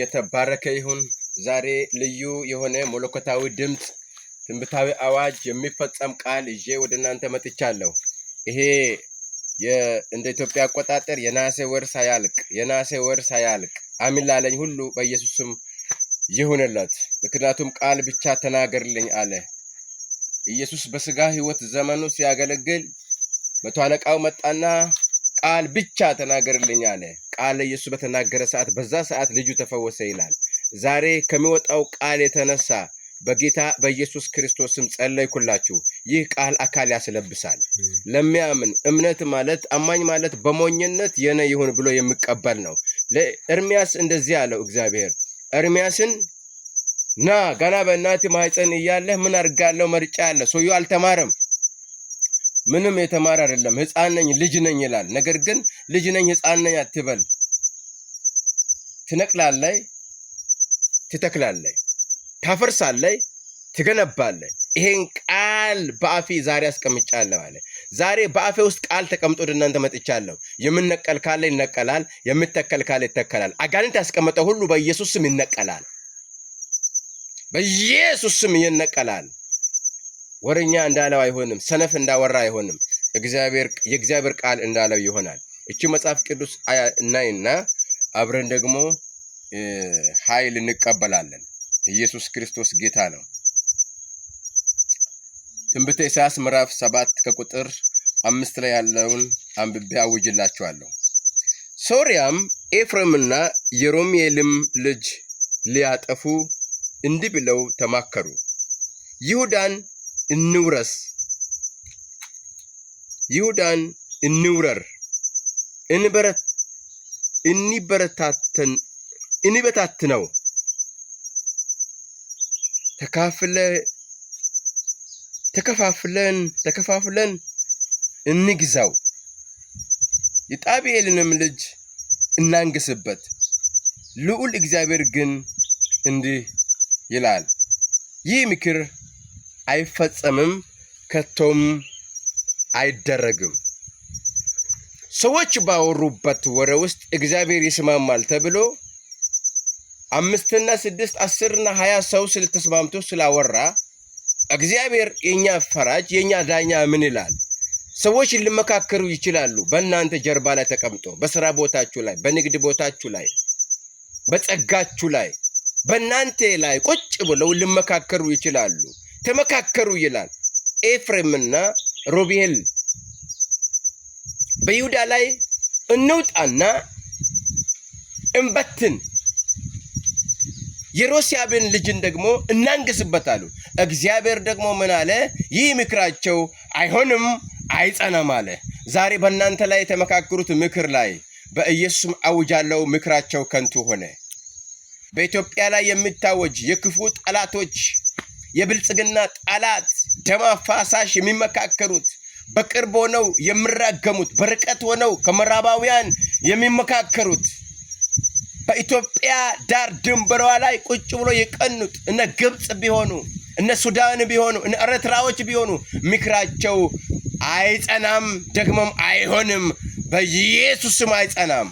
የተባረከ ይሁን። ዛሬ ልዩ የሆነ መለኮታዊ ድምፅ፣ ትንብታዊ አዋጅ፣ የሚፈጸም ቃል ይዤ ወደ እናንተ መጥቻለሁ። ይሄ እንደ ኢትዮጵያ አቆጣጠር የነሐሴ ወር ሳያልቅ የነሐሴ ወር ሳያልቅ አሚን ላለኝ ሁሉ በኢየሱስ ስም ይሁንለት። ምክንያቱም ቃል ብቻ ተናገርልኝ አለ። ኢየሱስ በስጋ ህይወት ዘመኑ ሲያገለግል መቶ አለቃው መጣና ቃል ብቻ ተናገርልኝ አለ። ቃል ኢየሱስ በተናገረ ሰዓት በዛ ሰዓት ልጁ ተፈወሰ ይላል። ዛሬ ከሚወጣው ቃል የተነሳ በጌታ በኢየሱስ ክርስቶስም ጸለይኩላችሁ። ይህ ቃል አካል ያስለብሳል። ለሚያምን እምነት ማለት አማኝ ማለት በሞኝነት የነ ይሁን ብሎ የሚቀበል ነው። ለኤርምያስ እንደዚህ አለው እግዚአብሔር ኤርምያስን ና ገና በእናት ማኅፀን እያለህ ምን አድርጋለሁ መርጫ አለ። ሰውዬው አልተማረም። ምንም የተማረ አይደለም። ህፃን ነኝ ልጅ ነኝ ይላል። ነገር ግን ልጅ ነኝ ህፃን ነኝ አትበል። ትነቅላለህ፣ ትተክላለህ፣ ታፈርሳለህ፣ ትገነባለህ። ይሄን ቃል በአፌ ዛሬ አስቀምጫለሁ አለ። ዛሬ በአፌ ውስጥ ቃል ተቀምጦ ወደ እናንተ መጥቻለሁ። የምነቀል ካለ ይነቀላል፣ የምተከል ካለ ይተከላል። አጋንንት ያስቀመጠ ሁሉ በኢየሱስ ስም ይነቀላል፣ በኢየሱስ ስም ይነቀላል። ወረኛ እንዳለው አይሆንም። ሰነፍ እንዳወራ አይሆንም። የእግዚአብሔር ቃል እንዳለው ይሆናል። እቺ መጽሐፍ ቅዱስ እናይና አብረን ደግሞ ኃይል እንቀበላለን። ኢየሱስ ክርስቶስ ጌታ ነው። ትንቢተ ኢሳያስ ምዕራፍ ሰባት ከቁጥር አምስት ላይ ያለውን አንብቤ አውጅላችኋለሁ። ሶርያም ኤፍሬምና የሮምኤልም ልጅ ሊያጠፉ እንዲህ ብለው ተማከሩ፣ ይሁዳን እንውረስ፣ ይሁዳን እንውረር፣ እንበረታተን፣ ተካፍለ ተከፋፍለን ተከፋፍለን እንግዛው፣ የጣብኤልንም ልጅ እናንግስበት። ልዑል እግዚአብሔር ግን እንዲህ ይላል ይህ ምክር አይፈጸምም፣ ከቶም አይደረግም። ሰዎች ባወሩበት ወሬ ውስጥ እግዚአብሔር ይስማማል ተብሎ አምስትና ስድስት አስርና ሀያ ሰው ስለተስማምቶ ስላወራ እግዚአብሔር የእኛ ፈራጅ የእኛ ዳኛ ምን ይላል? ሰዎች ሊመካከሩ ይችላሉ። በእናንተ ጀርባ ላይ ተቀምጦ በስራ ቦታችሁ ላይ፣ በንግድ ቦታችሁ ላይ፣ በጸጋችሁ ላይ፣ በእናንተ ላይ ቁጭ ብለው ሊመካከሩ ይችላሉ። ተመካከሩ ይላል። ኤፍሬምና ሮቤል በይሁዳ ላይ እንውጣና እንበትን፣ የሮሲያብን ልጅን ደግሞ እናንግስበት አሉ። እግዚአብሔር ደግሞ ምን አለ? ይህ ምክራቸው አይሆንም አይጸናም አለ። ዛሬ በእናንተ ላይ የተመካከሩት ምክር ላይ በኢየሱስም አውጃለው፣ ምክራቸው ከንቱ ሆነ። በኢትዮጵያ ላይ የሚታወጅ የክፉ ጠላቶች የብልጽግና ጠላት ደም አፋሳሽ የሚመካከሩት በቅርብ ሆነው የሚራገሙት በርቀት ሆነው ከምዕራባውያን የሚመካከሩት በኢትዮጵያ ዳር ድንበሯ ላይ ቁጭ ብሎ የቀኑት እነ ግብፅ ቢሆኑ እነ ሱዳን ቢሆኑ እነ ኤርትራዎች ቢሆኑ ምክራቸው አይጸናም፣ ደግሞም አይሆንም። በኢየሱስም አይጸናም።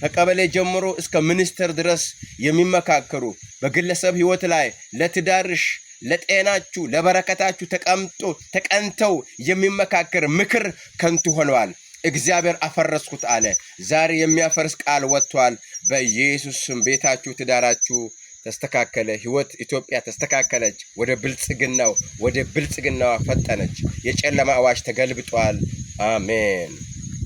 ከቀበሌ ጀምሮ እስከ ሚኒስትር ድረስ የሚመካከሩ በግለሰብ ሕይወት ላይ ለትዳርሽ ለጤናችሁ ለበረከታችሁ ተቀምጦ ተቀንተው የሚመካከር ምክር ከንቱ ሆነዋል። እግዚአብሔር አፈረስኩት አለ። ዛሬ የሚያፈርስ ቃል ወጥቷል። በኢየሱስም ቤታችሁ፣ ትዳራችሁ ተስተካከለ። ህይወት ኢትዮጵያ ተስተካከለች። ወደ ብልጽግናው ወደ ብልጽግናዋ ፈጠነች። የጨለማ አዋጅ ተገልብጧል። አሜን።